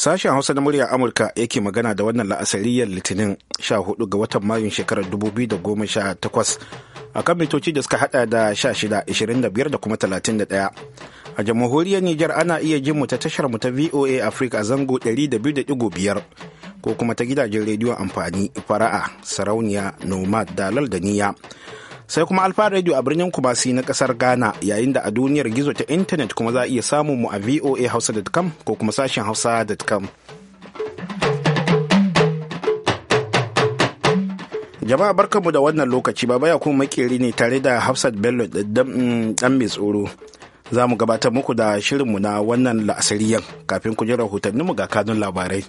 Sashen Hausa na muryar Amurka yake magana da wannan la'asariyar Litinin 14 ga watan Mayun shekarar 2018 a kan mitoci da suka hada da 16, 25 da kuma 31. A jamhuriyar Nijar ana iya jin mu ta tashar mu ta VOA Africa a zango 200.5 ko kuma ta gidajen rediyon amfani fara'a, sarauniya, nomad, dalal da niyya. sai kuma alfa radio a birnin kumasi na kasar ghana yayin da a duniyar gizo ta intanet kuma za a iya samun mu a voa hausa.com ko kuma sashen hausa.com jama'a barkanmu da wannan lokaci baba ya kuma makeri ne tare da hafsat bello dan mai tsoro za mu gabatar muku da shirinmu na wannan la'asariyan kafin ku ji rahotanninmu ga kanun labarai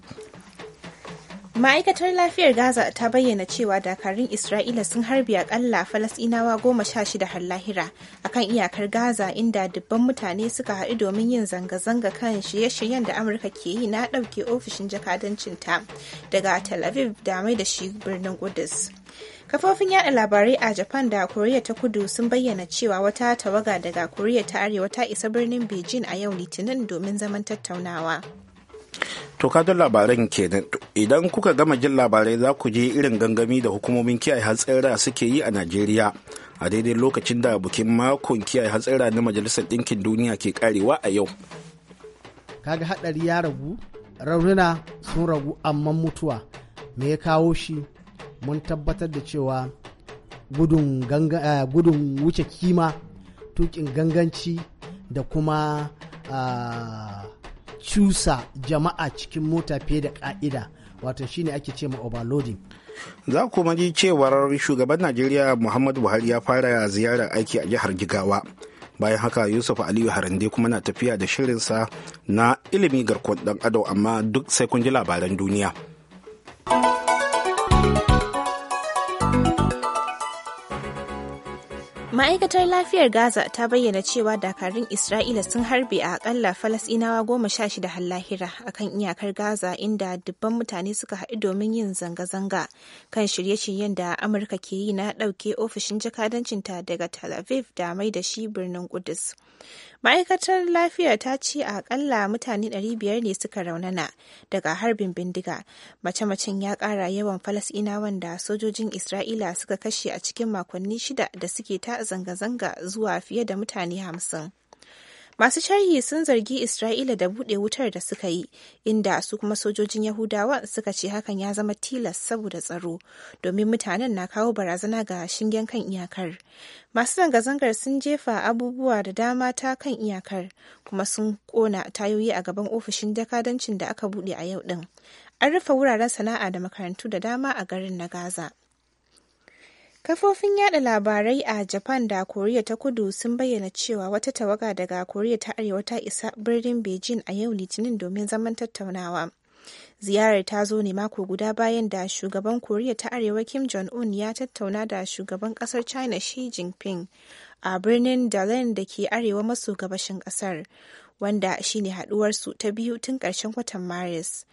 ma'aikatar lafiyar gaza ta bayyana cewa dakarun isra'ila sun harbi akalla falasinawa goma sha shida har lahira kan iyakar gaza inda dubban mutane suka haɗu domin yin zanga-zanga kan shirye-shiryen da amurka ke yi na ɗauke ofishin jakadancinta daga tel aviv da mai da shi birnin kudus kafofin yada labarai a japan da koriya ta kudu sun bayyana cewa wata tawaga daga koriya ta arewa ta isa birnin beijing a yau litinin domin zaman tattaunawa To kadon labaran kenan idan kuka gama jin labarai za ku je irin gangami da hukumomin kiyaye hatsara suke yi a Najeriya a daidai lokacin da bukin makon kiyaye hatsara na Majalisar Ɗinkin Duniya ke karewa a yau. Kaga hadari ya ragu, raunina sun ragu amma mutuwa me ya kawo shi mun tabbatar da cewa gudun, eh, gudun wuce kima tukin ganganci da kuma uh, cusa jama'a cikin mota fiye da ka'ida wato shine ake ce ma overloading za kuma ji cewar shugaban najeriya muhammadu buhari ya fara ziyarar aiki a jihar jigawa bayan haka yusuf aliyu harande kuma na tafiya da shirinsa na ilimi garkuwar dan ado amma duk sai kun ji labaran duniya. Ma'aikatar lafiyar Gaza ta bayyana cewa dakarun Isra'ila sun harbe a akalla falasinawa goma sha shida hallahira a kan iyakar Gaza inda dubban mutane suka haɗu domin yin zanga-zanga kan shirye-shiryen da Amurka ke yi na ɗauke ofishin jakadancinta daga Tel Aviv da mai da shi birnin Kudus. ma'aikatar lafiya ta ce a akalla mutane 500 ne suka raunana daga harbin bindiga mace-macen ya ƙara yawan falasɗinawan da sojojin isra'ila suka kashe a cikin makonni shida da suke ta zanga-zanga zuwa fiye da mutane hamsin. Masu sharhi sun zargi Isra'ila da buɗe wutar da suka yi, inda su kuma sojojin Yahudawa suka ce hakan ya zama tilas saboda tsaro, domin mutanen na kawo barazana ga shingen kan iyakar. Masu zanga-zangar sun jefa abubuwa da dama ta kan iyakar, kuma sun kona tayoyi a gaban ofishin jakadancin da aka buɗe a yau ɗin. An rufe wuraren sana'a da makarantu da dama a garin na Gaza. Kafofin yada labarai a Japan da Koriya ta Kudu sun bayyana cewa wata tawaga daga Koriya ta Arewa ta isa birnin Beijing a yau Litinin domin zaman tattaunawa. Ziyarar ta zo ne mako guda bayan da shugaban Koriya ta Arewa Kim Jong-un ya tattauna da shugaban kasar China Xi Jinping a birnin Dalen da ke arewa maso gabashin kasar, wanda shine haduwarsu ta biyu tun karshen watan Maris.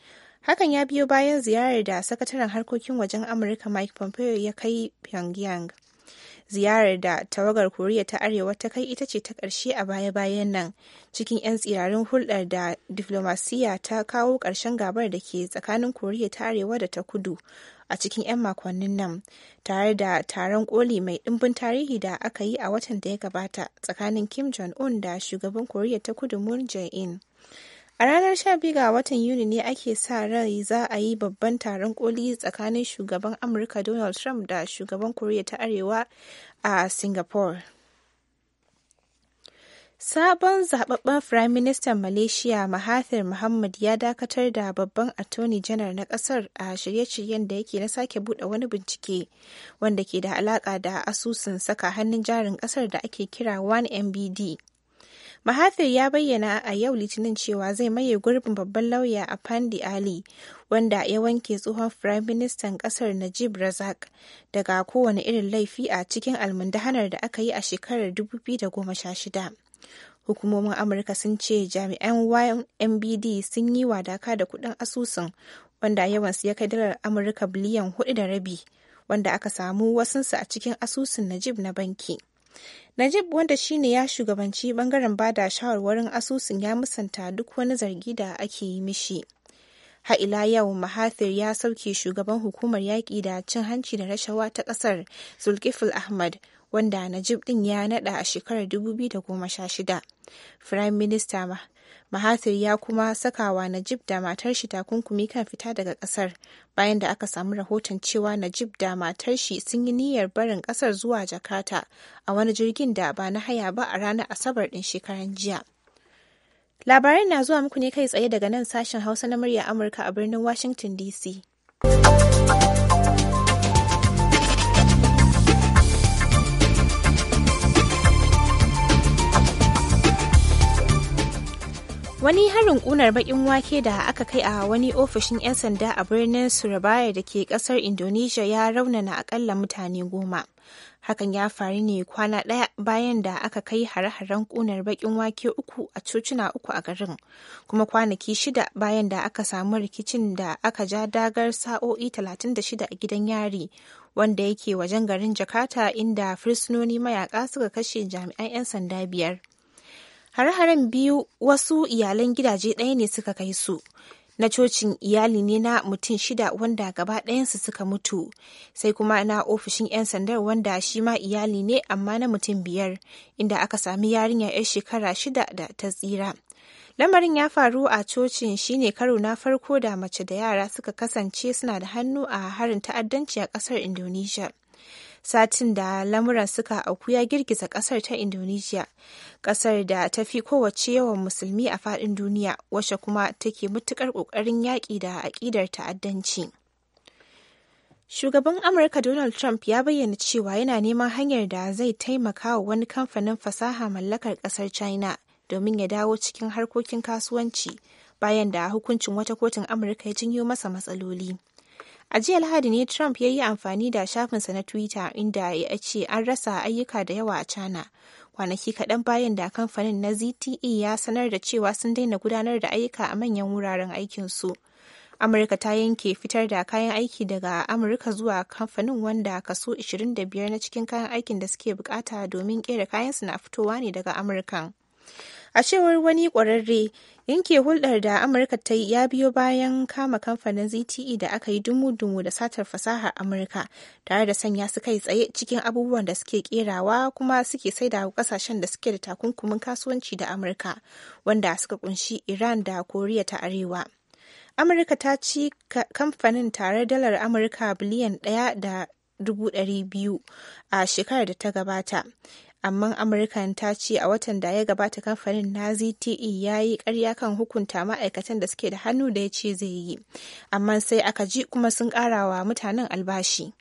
Hakan ya biyo bayan ziyarar da sakataren harkokin wajen Amurka Mike Pompeo ya kai Pyongyang. Ziyarar da tawagar Koriya ta Arewa ta kai ita ce ta ƙarshe a baya-bayan nan cikin 'yan tsirarin hulɗar da diflomasiya ta kawo ƙarshen gabar da ke tsakanin Koriya ta Arewa da ta kudu a cikin 'yan makonnin nan tare da taron koli mai ɗimbin tarihi da aka yi a watan da ya gabata tsakanin Kim Jong-un da shugaban Koriya ta kudu Moon Jae-in. A ranar 12 ga watan Yuni ne ake sa rai za a yi babban taron koli tsakanin shugaban Amurka Donald Trump da shugaban Koriya ta Arewa a Singapore. Sabon zababben Firayim Ministan Malaysia Mahathir Muhammad ya dakatar da babban Attorney General na kasar a shirye-shiryen da yake na sake buɗe wani bincike wanda ke da alaƙa da asusun saka hannun jarin ƙasar da ake kira 1MBD. Mahathir ya bayyana a yau Litinin cewa zai maye gurbin babban lauya a Pandi Ali, wanda ya wanke tsohon Firayim Ministan kasar Najib Razak daga kowane irin laifi a cikin almundahanar da aka yi a shekarar 2016. Hukumomin Amurka sun ce jami'an YMBD sun yi wadaka da kuɗin asusun wanda yawansu ya kai dalar Amurka biliyan hudu da rabi, wanda aka samu wasunsu a cikin asusun Najib na banki. Najib wanda shine ya shugabanci bangaren bada shawarwarin asusun ya musanta duk wani zargi da ake yi mishi. ha'ila yau Mahathir ya sauke shugaban hukumar yaƙi da cin hanci da rashawa ta ƙasar Zulkifil Ahmad wanda Najib ɗin ya naɗa a shekarar 2016. Firayim Minista Mahathir ya kuma sakawa Najib da matar shi takunkumi kan fita daga kasar bayan da aka samu rahoton cewa Najib da matar shi sun yi niyyar barin kasar zuwa Jakarta a wani jirgin da ba na haya ba a ranar Asabar din shekaran jiya. Labarai na zuwa muku ne kai tsaye daga nan sashen Hausa na murya Amurka a birnin Washington DC. wani harin kunar bakin wake da aka kai a wani ofishin 'yan sanda a birnin surabaya da ke kasar indonesia ya raunana akalla mutane goma hakan ya faru ne kwana ɗaya bayan da aka kai hare-haren kunar bakin wake uku a cocina uku a garin kuma kwanaki shida bayan da aka samu rikicin da aka ja dagar sa'o'i 36 a gidan yari wanda yake wajen garin jakarta inda fursunoni mayaka suka kashe jami'an 'yan sanda biyar hare haren biyu wasu iyalan gidaje ɗaya ne suka kai su. Na cocin iyali ne na mutum shida wanda gaba ɗayansu suka mutu, sai kuma na ofishin 'yan sandar wanda shi ma iyali ne amma na mutum biyar, inda aka sami yarinya 'yar shekara shida da ta tsira. Lamarin ya faru a cocin shine karo na farko da mace da yara suka kasance suna da hannu a harin ta'addanci a ƙasar Indonesia. satin da lamuran suka auku ya girgiza kasar ta Indonesia, kasar da ta fi kowace yawan musulmi a fadin duniya, wacce kuma take matukar ƙoƙarin yaƙi da aƙidar ta'addanci. Shugaban Amurka Donald Trump ya bayyana cewa yana neman hanyar da zai taimaka wa wani kamfanin fasaha mallakar kasar China domin ya dawo cikin harkokin kasuwanci bayan da hukuncin wata kotun Amurka ya janyo masa matsaloli. A jiya Lahadi ne Trump ya yi amfani da shafinsa na Twitter inda ya ce an rasa ayyuka da yawa a China. Kwanaki kaɗan bayan da kamfanin na ZTE ya sanar da cewa sun daina gudanar da ayyuka a manyan wuraren aikinsu. Amurka ta yanke fitar da kayan aiki daga Amurka zuwa kamfanin wanda kaso 25 na cikin kayan aikin da suke bukata domin kera kayansu na fitowa ne daga Amurkan. A cewar wani kwararre yanke hulɗar da Amurka ta yi ya biyo bayan kama kamfanin ZTE da aka yi dumu-dumu da satar fasahar Amurka tare da sanya su kai tsaye cikin abubuwan da suke kerawa kuma suke saida kasashen da suke da takunkumin kasuwanci da Amurka wanda suka kunshi Iran da Koriya ta Arewa. Amurka ta ci kamfanin tare dalar Amurka biliyan ɗaya da dubu biyu a shekarar da ta gabata amma amurkan ta ce a watan da ya gabata kamfanin na zte ya yi karya kan hukunta ma'aikatan da suke da hannu da ya ce zai yi amma sai aka ji kuma sun karawa mutanen albashi.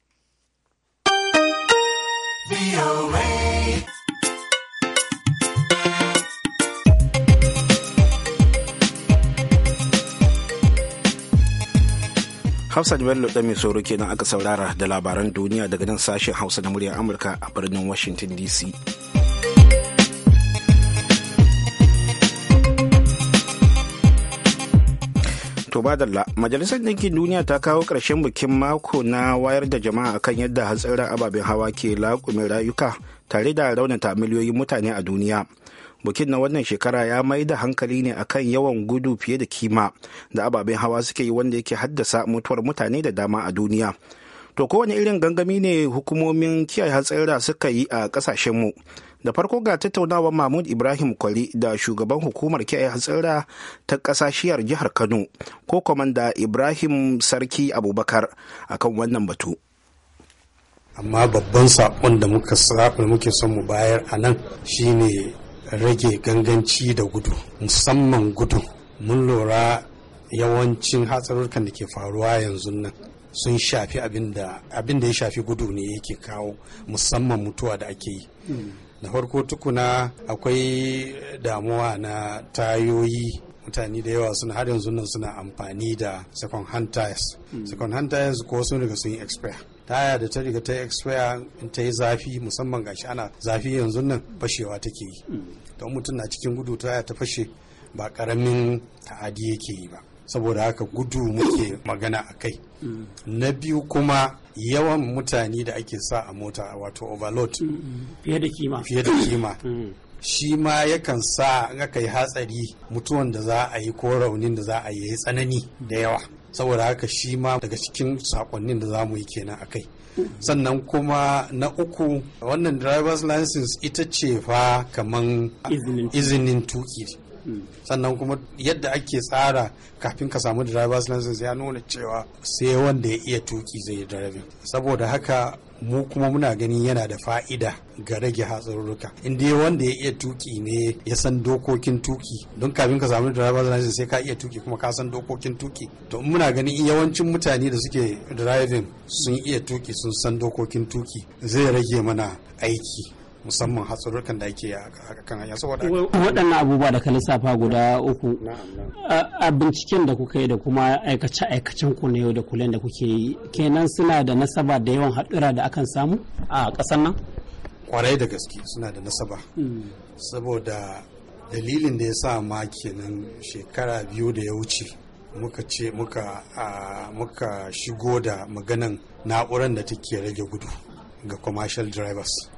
Hafsat Bello ɗan mai ke kenan aka saurara da labaran duniya daga nan sashen Hausa na muryar Amurka a birnin Washington DC. To badalla, Majalisar Ɗinkin Duniya ta kawo ƙarshen bikin mako na wayar da jama'a akan yadda hatsarin ababen hawa ke laƙumin rayuka tare da raunata miliyoyin mutane a duniya. bukin na wannan shekara ya mai da hankali ne akan yawan gudu fiye da kima da ababen hawa suke yi wanda yake haddasa mutuwar mutane da dama a duniya to kowane irin gangami ne hukumomin kiyaye hatsira suka yi a kasashenmu da farko ga tattaunawa mahmud ibrahim kwali da shugaban hukumar kiyaye hatsira ta kasashiyar jihar kano ko kwamanda ibrahim sarki abubakar akan wannan batu amma babban saƙon da muke son mu bayar a nan shine rage ganganci da gudu musamman gudu mun lura yawancin hatsarurkan da ke faruwa yanzu nan sun shafi abin da ya shafi gudu ne yake kawo musamman mutuwa da ake yi da hmm. farko tukuna akwai damuwa na tayoyi mutane da yawa suna har yanzu nan suna amfani da second hand tires hmm. second hand tires ko sun riga sun yi expire taya da ta riga ta expire in ta yi zafi musamman gashi ana zafi yanzu nan fashewa take yi To hmm. mutum na cikin gudu taya ta fashe ba karamin ta'adi yake yi ba saboda haka gudu muke magana a kai hmm. na biyu kuma yawan mutane da ake sa a mota wato overload hmm. fiye da kima fiye da kima shi ma yakan sa aka yi hatsari mutuwan da za a yi ko raunin da za a yi tsanani da yawa saboda haka shi ma daga cikin sakonnin da za mu yi kenan kai sannan kuma na uku wannan driver's license ita ce fa kaman izinin tuki sannan kuma yadda ake tsara kafin ka samu driver's license ya nuna cewa sai wanda ya iya tuki zai driving saboda haka mu kuma muna ganin yana da fa'ida ga rage hatsarurruka inda dai wanda ya iya tuki ne ya san dokokin tuki don kafin ka samu driver's license sai ka iya tuki kuma ka san dokokin tuki to muna ganin yawancin mutane da suke driving sun iya tuki sun san dokokin tuki zai rage mana aiki musamman hatsarurkan da ake a kan hanya saboda waɗannan abubuwa da ka lissafa guda uku a binciken da kuka yi da kuma aikace aikacen ku na yau da kullum da kuke yi kenan suna da nasaba da yawan haɗura da akan samu a ƙasar nan kwarai da gaske suna da nasaba hmm. saboda dalilin da ya sa ma kenan shekara biyu da ya wuce muka ce muka muka shigo da maganan na'urar da take rage gudu ga commercial drivers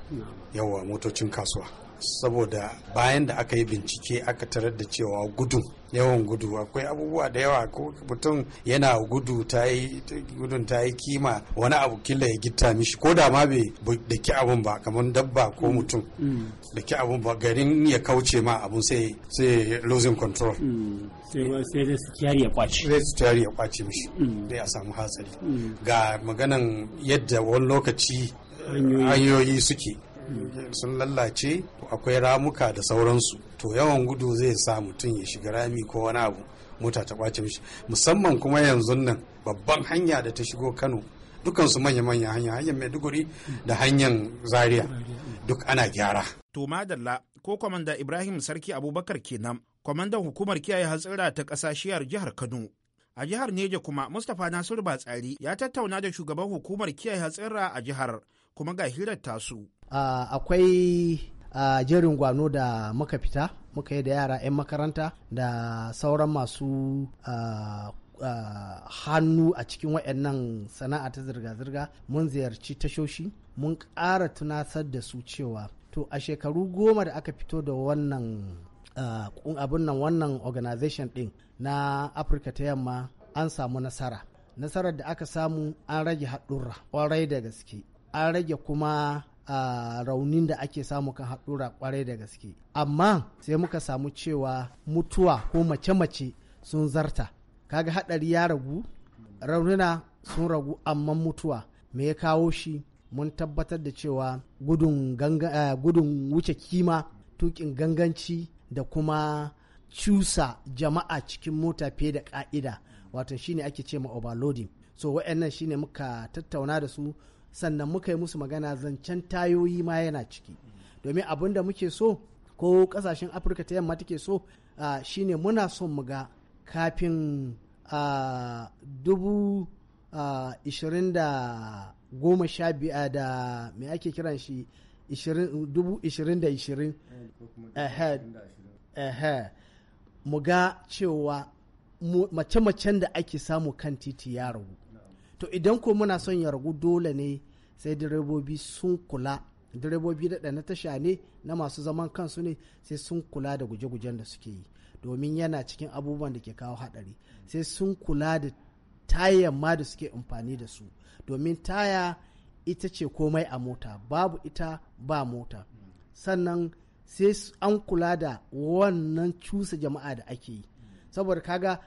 yawa motocin kasuwa saboda bayan da aka yi bincike aka tarar da cewa gudun yawan gudu akwai abubuwa da yawa ko mutum yana gudu ta yi gudun ta yi kima wani abu killa ya gitta mishi ko da ma bai da ki abun ba kamar dabba ko mm. mutum mm. da ki abun ba garin ya kauce ma abun sai sai losing control mm. sai stiyari ya kwace sai stiyari ya kwace mishi sai a samu hatsari ga maganan yadda wani lokaci hanyoyi suke hmm. sun lallace akwai ramuka da sauransu to yawan gudu zai sa mutum ya shiga rami ko wani abu mota ta kwace mishi musamman kuma yanzu nan babban hanya da ta shigo kano dukansu manya-manya hanya hanyar maiduguri da hanyar zaria duk ana gyara to madalla ko kwamanda ibrahim sarki abubakar kenan kwamandan hukumar kiyaye hatsira ta ƙasa shiyar jihar kano a jihar neja kuma mustapha nasiru batsari ya tattauna da shugaban hukumar kiyaye hatsira a jihar kuma ga hirar tasu. akwai jerin gwano da muka fita muka yi da yara 'yan makaranta da sauran masu hannu a cikin waɗannan sana'a ta zirga-zirga mun ziyarci tashoshi mun ƙara tunasar da su cewa to a shekaru goma da aka fito da wannan uh, abin nan wannan organization ɗin na afirka ta yamma an samu nasara nasarar da aka samu an rage haɗurra ƙwarai da gaske an rage kuma a raunin da ake samu kan haɗura kwarai da gaske amma sai muka samu cewa mutuwa ko mace-mace sun zarta kaga haɗari ya ragu raunina sun ragu amma mutuwa me ya kawo shi mun tabbatar da cewa gudun, gudun wuce kima tukin ganganci da kuma cusa jama'a cikin mota fiye da ka'ida wato shine ake ce ma overloading so wa'annan shine muka tattauna da su sannan muka yi musu magana zancen tayoyi ma yana ciki domin abin da muke so ko kasashen afirka ta yamma take so shine muna son muga kafin uh, dubu uh, da goma sha biya da me ake kiran shi dubu ishirin da ishirin muga cewa mace-macen da ake samu kan titi ya ragu to idan ko muna son ya ragu dole ne sai direbobi sun kula direbobi da na tasha ne na masu zaman kansu ne sai sun kula da guje-gujen da suke yi domin yana cikin abubuwan da ke kawo haɗari sai sun kula da tayan ma da suke amfani da su domin taya ita ce komai a mota babu ita ba mota sannan sai an kula da wannan cusa jama'a da ake yi saboda kaga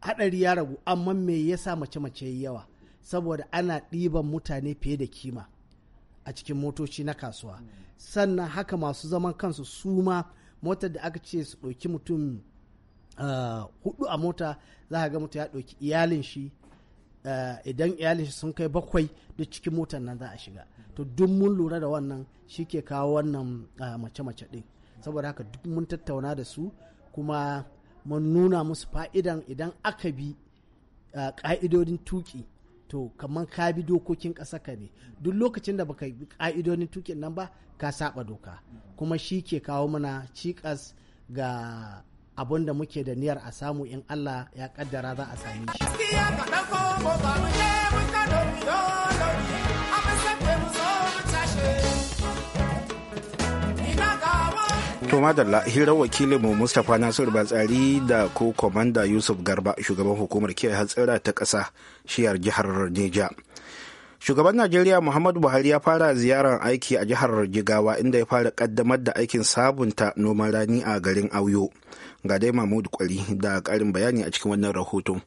haɗari ya ragu amma me yasa mace-mace yawa saboda ana ɗiban mutane fiye da kima a cikin motoci na kasuwa sannan haka masu zaman kansu su ma motar da aka ce su ɗauki mutum ah, hudu a mota za ga mutum ya ɗauki iyalin shi ah, idan iyalin shi sun kai bakwai da cikin motar nan za a shiga to duk mun lura da wannan shi ke kawo wannan ah, mace-mace ɗin saboda haka duk mun tattauna da su kuma mun nuna musu fa'idan idan aka bi ƙa'idodin tuki to kamar ka bi dokokin ƙasa ka ne duk lokacin da baka bi ƙa'idodin tukin nan ba ka saba doka kuma shi ke kawo mana cikas ga abun da muke da niyyar a samu in Allah ya kaddara za a sami shi. To madalla hirar mu Mustapha Nasiru Batsari da ko komanda Yusuf Garba shugaban hukumar kiyaye hatsira ta ƙasa shiyar jihar Neja. Shugaban Najeriya Muhammadu Buhari ya fara ziyarar aiki a jihar Jigawa inda ya fara kaddamar da aikin sabunta noman rani a garin Auyo. Ga dai Mahmud Kwari da karin bayani a cikin wannan rahoton.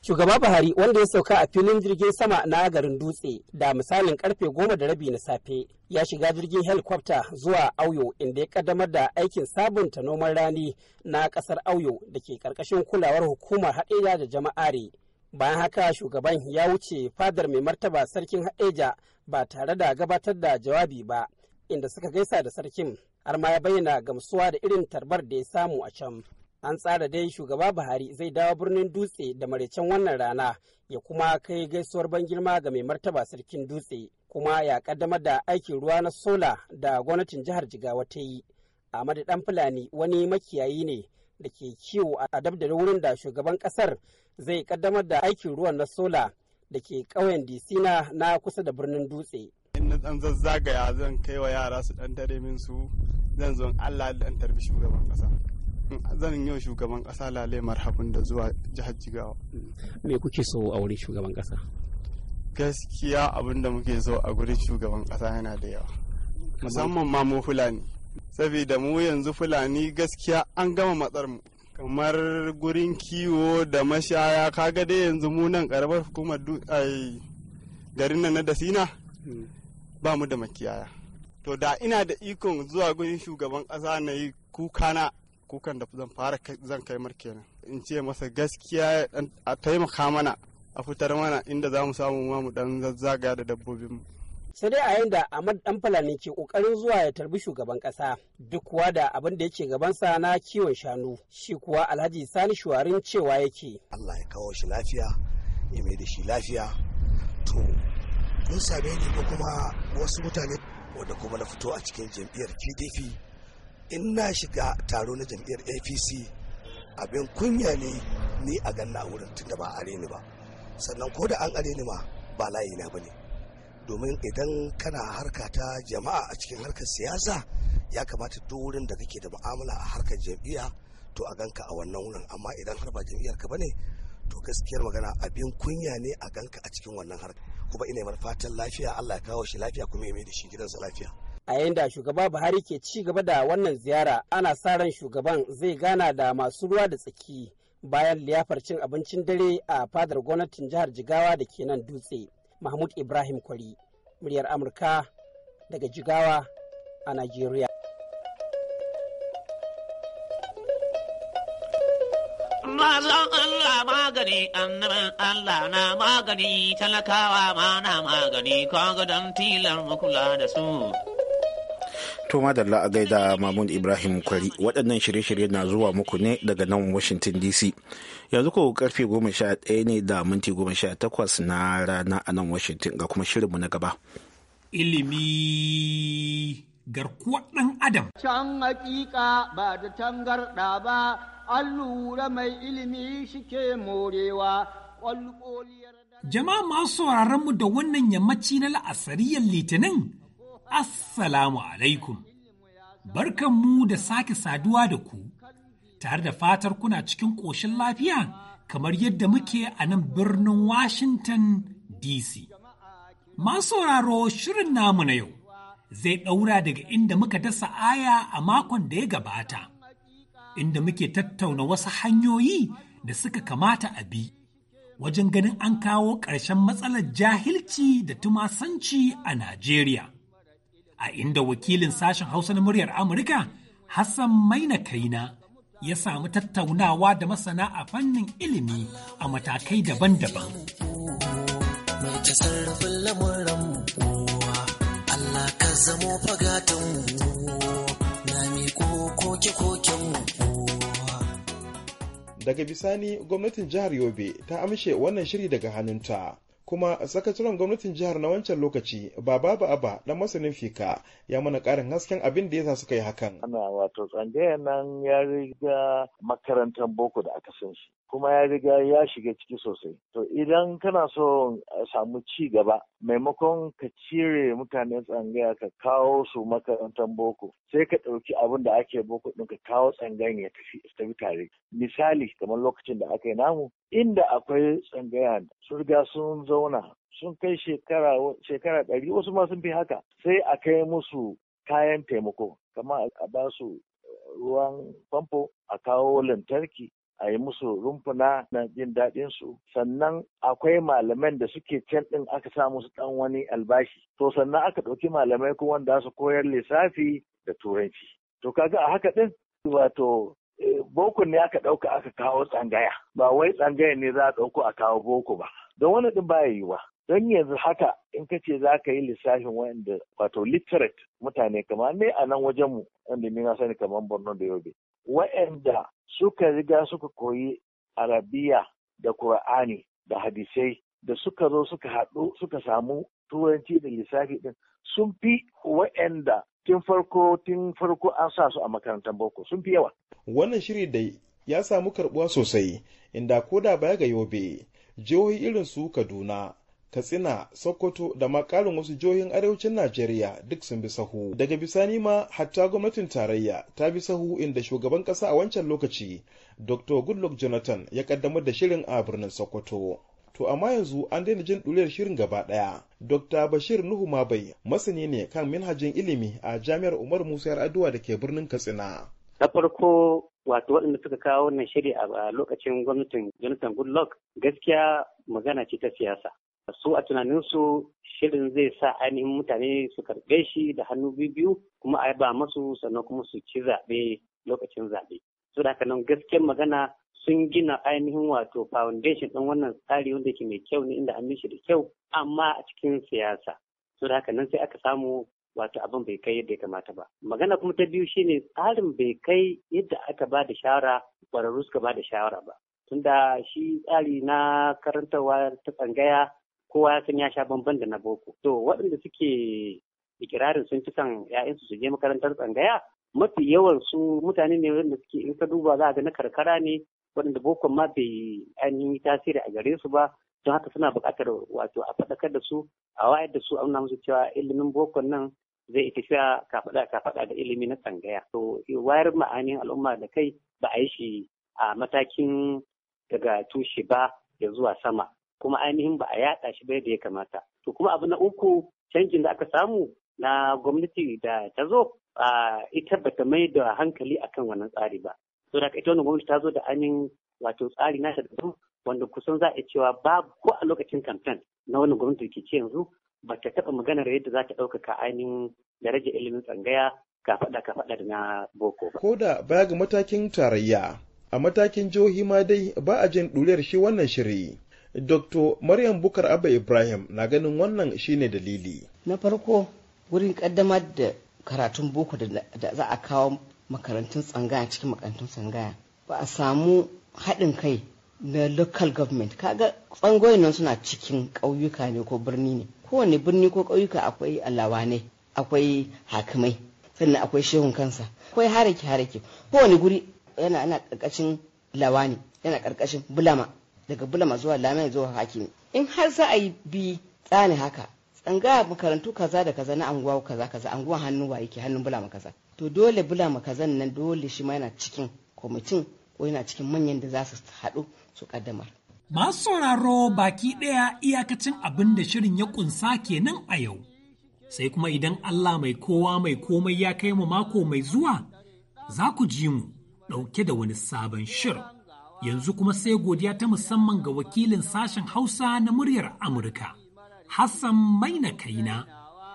Shugaba Buhari wanda ya sauka a filin jirgin sama na garin Dutse da misalin karfe goma da rabi na safe ya shiga jirgin helikwafta zuwa Auyo inda ya kaddamar da aikin sabunta noman rani na kasar Auyo da ke karkashin kulawar hukumar haɗeja da jama'are. Bayan haka shugaban ya wuce fadar mai martaba sarkin haɗeja ba tare da gabatar da jawabi ba inda suka gaisa da sarkin har ma ya bayyana gamsuwa da irin tarbar da ya samu a can. an tsara dai shugaba buhari zai dawo birnin dutse da maraicen wannan rana ya kuma kai gaisuwar ban girma ga mai martaba sarkin dutse kuma ya kaddamar da aikin ruwa na sola da gwamnatin jihar jigawa ta yi ahmadu dan fulani wani makiyayi ne da ke kiwo a dab wurin da shugaban kasar zai kaddamar da aikin ruwan na sola da ke ƙauyen disina na kusa da birnin dutse in na dan zazzagaya zan kai wa yara su dan tare min su zan zo allah dan tarbi shugaban kasa zanin yau shugaban kasa lale marhabin da zuwa jihar jigawa me kuke so a wurin shugaban kasa gaskiya abin da muke so a wurin shugaban kasa yana da yawa musamman ma mu fulani saboda mu yanzu fulani gaskiya an gama matsar mu kamar gurin kiwo da mashaya kaga dai yanzu mu nan karamar hukumar garin nan na dasina hmm. ba mu da makiyaya to da ina da ikon zuwa gurin shugaban kasa na yi kukana kukan da zan fara zan kai mar kenan in ce masa gaskiya a taimaka mana a fitar mana inda za mu samu ma mu dan zazzaga da dabbobin mu sai dai a yayin da Ahmad Dan Fulani ke kokarin zuwa ya tarbi shugaban kasa duk kuwa da abin da yake gaban sa na kiwon shanu shi kuwa Alhaji Sani Shuwarin cewa yake Allah ya kawo shi lafiya ya mai da shi lafiya to mun same ne ko kuma wasu mutane wanda kuma na fito a cikin jam'iyyar PDP in na shiga taro na jam'iyyar apc abin kunya ne ni a ganna a wurin tunda ba are ni ba sannan ko da an are ni ma ba layi na bane domin idan kana harka ta jama'a a cikin harkar siyasa ya kamata duk wurin da kake da mu'amala a harkar jam'iyya to a ganka a wannan wurin amma idan har ba jam'iyyar ka bane to gaskiyar magana abin kunya ne a ganka a cikin wannan harka kuma ina mar fatan lafiya Allah ya kawo shi lafiya kuma ya mai da shi gidansa lafiya a yayin da shugaba buhari ke ci gaba da wannan ziyara ana sa ran shugaban zai gana da masu ruwa da tsaki bayan liyafar cin abincin dare a fadar gwamnatin jihar jigawa da ke nan dutse mahmud ibrahim kwari muryar amurka daga jigawa a najeriya mazan Allah magani annabin Allah na magani talakawa ma na magani kaga don tilar makula da su. To madalla a gaida Mahmud Ibrahim Kwari waɗannan shirye-shirye na zuwa muku ne daga nan Washington DC. Yanzu ko karfe 11 ne da minti 18 na rana a nan Washington ga kuma shirinmu na gaba. Ilimi garkuwa ɗan Adam. Can hakika ba da tangarɗa ba, an lura mai ilimi shike morewa, Jama'a masu sauraron mu da wannan yammaci na la'asariyar Litinin. Assalamu alaikum, mu da sake saduwa da ku, tare da fatar kuna cikin ƙoshin lafiya kamar yadda muke a nan birnin Washington DC. Masu shirin namu na yau zai ɗaura daga inda muka dasa aya a makon da ya gabata, inda muke tattauna wasu hanyoyi da suka kamata a bi. wajen ganin an kawo ƙarshen matsalar jahilci da tumasanci a Najeriya. a inda wakilin sashen Hausa na muryar Amurka Hassan Maina Kaina ya samu tattaunawa da masana a fannin ilimi a matakai daban-daban. Allah ka zamo na miƙo koke daga bisani gwamnatin jihar yobe ta amshe wannan shiri daga hannunta kuma sakataren gwamnatin jihar na wancan lokaci ba ba aba dan masanin fika ya mana karin hasken abin da yasa suka yi hakan ana wato tsangayar nan ya riga makarantar boko da aka san shi kuma ya riga ya shiga ciki sosai. To idan kana so a samu ci gaba maimakon ka cire mutane tsangaya ka kawo su makarantar boko sai ka ɗauki abin da ake boko ɗin ka kawo tsangayan ya tafi Ta bi tare. Misali kamar lokacin da aka yi namu inda akwai tsangaya sun riga sun zauna sun kai shekara ɗari wasu ma sun fi haka sai a kai musu kayan taimako kamar a ba su ruwan famfo a kawo lantarki a yi musu rumfuna na jin daɗin su sannan akwai malaman da suke can ɗin aka sa musu ɗan wani albashi to sannan aka ɗauki malamai kuma wanda su koyar lissafi da turanci to kaga a haka ɗin wato eh, boko ne aka ɗauka aka kawo tsangaya ba wai tsangaya ne za a ɗauko a kawo boko ba don wani ɗin baya yiwuwa don yanzu haka in ka ce za ka yi lissafin wanda wato literate mutane kamar ne a nan wajenmu wanda ni na sani kamar borno da yobe waɗanda suka riga suka koyi arabiya da Kur'ani da hadisai da suka zo suka haɗu suka samu turanci da lissafi ɗin sun fi waɗanda tun farko tun farko an sa su a makarantar boko sun fi yawa. Wannan shiri da ya samu karɓuwa sosai inda ko da baya ga yobe jihohi irin su Kaduna katsina sokoto da ma wasu jihohin arewacin najeriya duk sun bi sahu daga bisani ma hatta gwamnatin tarayya ta bi sahu inda shugaban ƙasa a wancan lokaci dr goodluck jonathan ya ƙaddamar da shirin a birnin sokoto to amma yanzu an daina jin ɗuriyar shirin gaba ɗaya. Dr. Bashir Nuhu Mabai masani ne kan manhajin ilimi a Jami'ar Umar Musa Yar'adua da ke birnin Katsina. Na farko wato waɗanda suka kawo wannan shiri a lokacin gwamnatin Jonathan Goodluck gaskiya magana ce ta siyasa. su a tunaninsu shirin zai sa ainihin mutane su karɓe shi da hannu biyu kuma a ba masu sannan kuma su ci zaɓe lokacin zaɓe. Su da haka nan gaskiyar magana sun gina ainihin wato foundation ɗin wannan tsari wanda ke mai kyau ne inda an mishi da kyau amma a cikin siyasa. su da haka nan sai aka samu wato abin bai kai yadda ya kamata ba. Magana kuma ta biyu shine tsarin bai kai yadda aka ba da shawara ƙwararru suka ba da shawara ba. Tunda shi tsari na karantarwa ta tsangaya kowa ya san ya sha bamban da na boko to waɗanda suke ikirarin sun ci kan ‘ya'yansu su je makarantar tsangaya mafi yawan su mutane ne wanda suke in ka duba za a ga na karkara ne waɗanda bokon ma bai ainihin tasiri a gare su ba don haka suna buƙatar wato a faɗakar da su a wayar da su a nuna musu cewa ilimin bokon nan zai tafiya kafaɗa kafaɗa da ilimi na tsangaya to wayar ma'anin al'umma da kai ba a yi shi a matakin daga tushe ba ya zuwa sama kuma ainihin ba a yaɗa shi bai da ya kamata to kuma abu na uku canjin da aka samu na gwamnati da ta zo ita bata mai da hankali akan wannan tsari ba so da ita wannan gwamnati ta zo da ainihin wato tsari na daban wanda kusan za a cewa ba ko a lokacin kamfen na wannan gwamnati ke ci yanzu ba ta taɓa maganar yadda za ta ɗaukaka ainihin daraja ilimin tsangaya ka faɗa ka faɗa da na boko ba. Ko da baya ga matakin tarayya a matakin jihohi ma dai ba a jin ɗuriyar shi wannan shiri. Dr. Maryam Bukar Abba Ibrahim na ganin wannan shine dalili. Na farko wurin kaddamar da karatun boko da za a kawo makarantun tsangaya cikin makarantun tsangaya ba a samu haɗin kai na local government kaga tsangoyin nan suna cikin ƙauyuka ne ko birni ne kowane birni ko ƙauyuka akwai ne akwai hakimai sannan akwai shehun kansa akwai harake harake kowane guri yana ana ƙarƙashin lawani yana ƙarƙashin bulama daga bulama zuwa lamina zuwa hakimi in har za a yi bi tsani haka tsanga makarantu kaza da kaza na anguwa kaza kaza anguwan hannu wa yake hannun bulama kaza to dole bulama kazan nan dole shi ma yana cikin kwamitin ko yana cikin manyan da za su haɗu su kaddamar masu sauraro baki ɗaya iyakacin abin da shirin ya kunsa kenan a yau sai kuma idan Allah mai kowa mai komai ya kai mu mako mai zuwa za ku ji mu ɗauke da wani sabon shirin Yanzu kuma sai godiya ta musamman ga wakilin sashen Hausa na muryar Amurka, Hassan Maina Kaina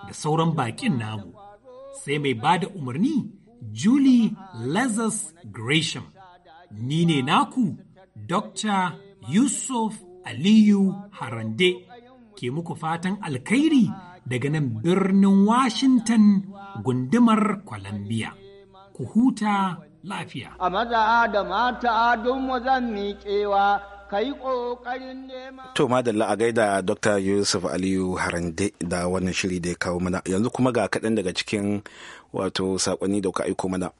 da sauran bakin namu, sai mai ba da umarni Julie Lazarus Gresham. Ni ne naku, Dr. Yusuf Aliyu Harande, ke muku fatan Alkairi daga nan birnin Washington gundumar Columbia. Ku huta lafiya. A maza da mata don mu zan miƙewa kai ƙoƙarin nema. To madalla a gaida Dr. Yusuf Aliyu Harande da wannan shiri da ya kawo mana yanzu kuma ga kaɗan daga cikin wato saƙonni da kuka aiko mana.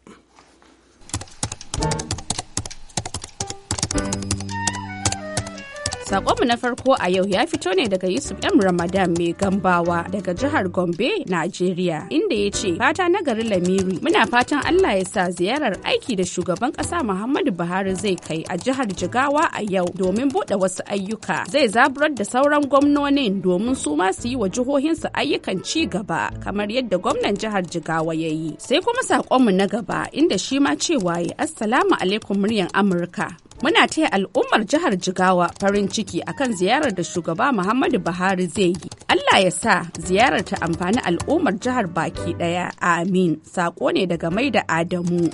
Sakonmu na farko a yau ya fito ne daga Yusuf M. Ramadan mai gambawa daga jihar Gombe, Najeriya, inda ya ce, "Fata na garin Lamiri, muna fatan Allah ya sa ziyarar aiki da shugaban ƙasa Muhammadu Buhari zai kai a jihar Jigawa a yau domin buɗe wasu ayyuka. Zai zaburar da sauran gwamnonin domin su ma su yi wa jihohinsu ayyukan ci gaba, kamar yadda gwamnan jihar Jigawa ya yi. Sai kuma saƙonmu na gaba, inda shi ma cewa ya Assalamu alaikum muryan Amurka. muna taya al'ummar jihar jigawa farin ciki akan ziyarar da shugaba muhammadu buhari zai yi allah ya sa ziyarar ta amfani al'ummar jihar baki daya amin sako ne daga mai da adamu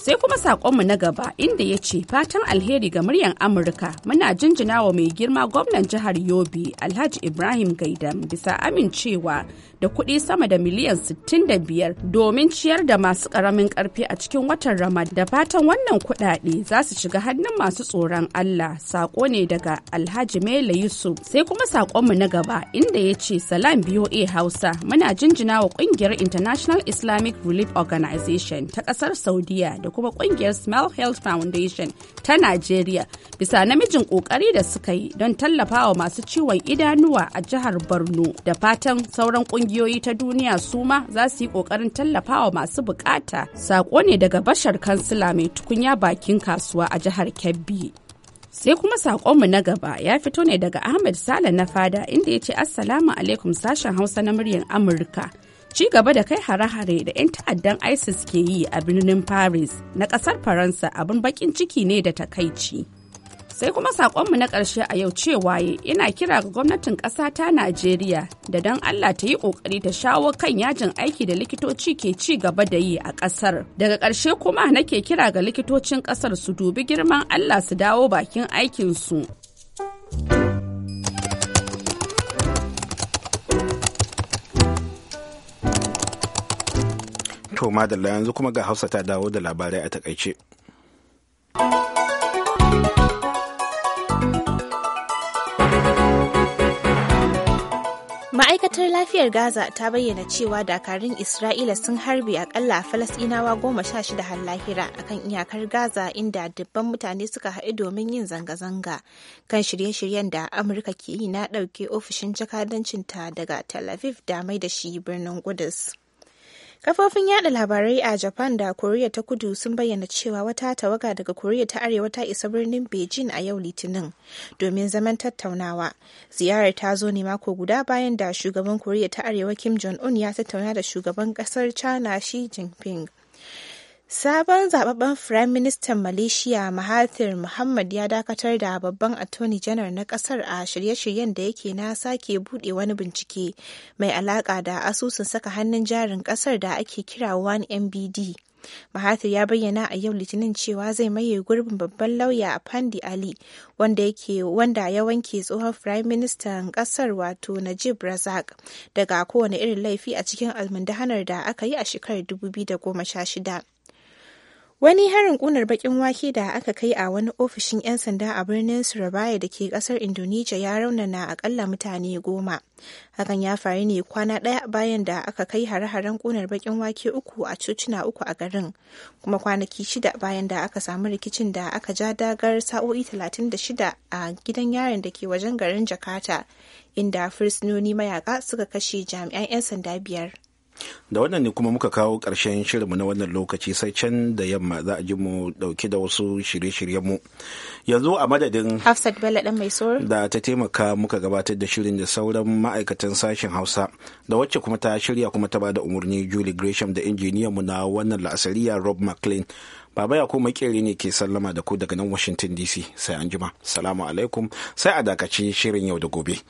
sai kuma sakonmu na gaba inda ya ce fatan alheri ga muryan amurka muna jinjina wa mai girma gwamnan jihar yobe alhaji ibrahim gaidam bisa amincewa da kuɗi sama da miliyan 65 domin ciyar da masu ƙaramin ƙarfi a cikin watan Ramad da fatan wannan kuɗaɗe za su shiga hannun masu tsoron Allah saƙo ne daga Alhaji Mele Yusuf sai kuma sakonmu na gaba inda ya ce salam BOA Hausa muna jinjina wa ƙungiyar International Islamic Relief Organization ta ƙasar Saudiya da kuma ƙungiyar Smell Health Foundation ta Najeriya bisa namijin ƙoƙari da suka yi don tallafawa masu ciwon idanuwa a jihar Borno da fatan sauran ƙungiyar. kungiyoyi ta duniya su ma za su yi kokarin tallafawa masu bukata sako ne daga bashar kansila mai tukunya bakin kasuwa a jihar kebbi sai kuma sakonmu na gaba ya fito ne daga ahmed sale na fada inda ya ce assalamu alaikum sashen hausa na muryar amurka ci gaba da kai hare-hare da 'yan ta'addan isis ke yi a birnin paris na kasar faransa abin bakin ciki ne da takaici sai kuma saƙonmu na ƙarshe a yau cewa ina kira ga gwamnatin ƙasa ta najeriya da don allah ta yi ƙoƙari ta shawo kan yajin aiki da likitoci ke ci gaba da yi a ƙasar daga ƙarshe kuma nake kira ga likitocin ƙasar su dubi girman allah su dawo bakin aikinsu to madalla yanzu kuma ga hausa ta dawo da labarai a takaice. ma'aikatar lafiyar gaza ta bayyana cewa dakarun isra'ila sun harbe akalla falasɗinawa goma sha shida har lahira akan iyakar gaza inda dubban mutane suka haɗu domin yin zanga-zanga kan shirye-shiryen da amurka ke yi na ɗauke ofishin jakadancinta daga tel aviv da mai da shi birnin kudus Kafofin yada labarai a Japan da Koriya ta Kudu sun bayyana cewa wata tawaga daga Koriya ta Arewa ta isa birnin Beijing a yau Litinin domin zaman tattaunawa. Ziyarar ta zo ne mako guda bayan da shugaban Koriya ta Arewa Kim Jong-un ya tattauna da shugaban kasar China Xi Jinping. Sabon zababben Firayim Ministan Malaysia Mahathir Muhammad ya dakatar da babban Attorney General na kasar a shirye-shiryen da yake na sake bude wani bincike mai alaka da asusun saka hannun jarin kasar da ake kira 1MBD. Mahathir ya bayyana a yau Litinin cewa zai maye gurbin babban lauya a Pandi Ali wanda yake wanda ya wanke tsohon Firayim Ministan kasar wato Najib Razak daga kowane irin laifi a cikin almundahanar da aka yi a shekarar 2016. Wani harin kunar bakin wake da aka kai a wani ofishin 'yan sanda a birnin Surabaya da ke kasar Indonesia ya raunana akalla mutane goma. Hakan ya faru ne kwana ɗaya bayan da aka kai hare-haren kunar bakin wake uku a cocina uku a garin, kuma kwanaki shida bayan da aka samu rikicin da aka ja dagar sa'o'i 36 a gidan yarin da ke wajen garin Jakarta, inda fursunoni mayaka suka kashe jami'an 'yan sanda biyar. da wannan ne kuma muka kawo ƙarshen shirinmu na wannan lokaci sai can da yamma za a ji mu dauke da wasu shirye-shiryenmu yanzu a madadin hafsat bello dan mai da ta taimaka muka gabatar da shirin da sauran ma'aikatan sashen hausa da wacce kuma ta shirya kuma ta bada umarni julie gresham da injiniyanmu na wannan la'asariya rob mclean baba ya kuma makeri ne ke sallama da ku daga nan washington dc sai anjima jima salamu alaikum sai a dakaci shirin yau da gobe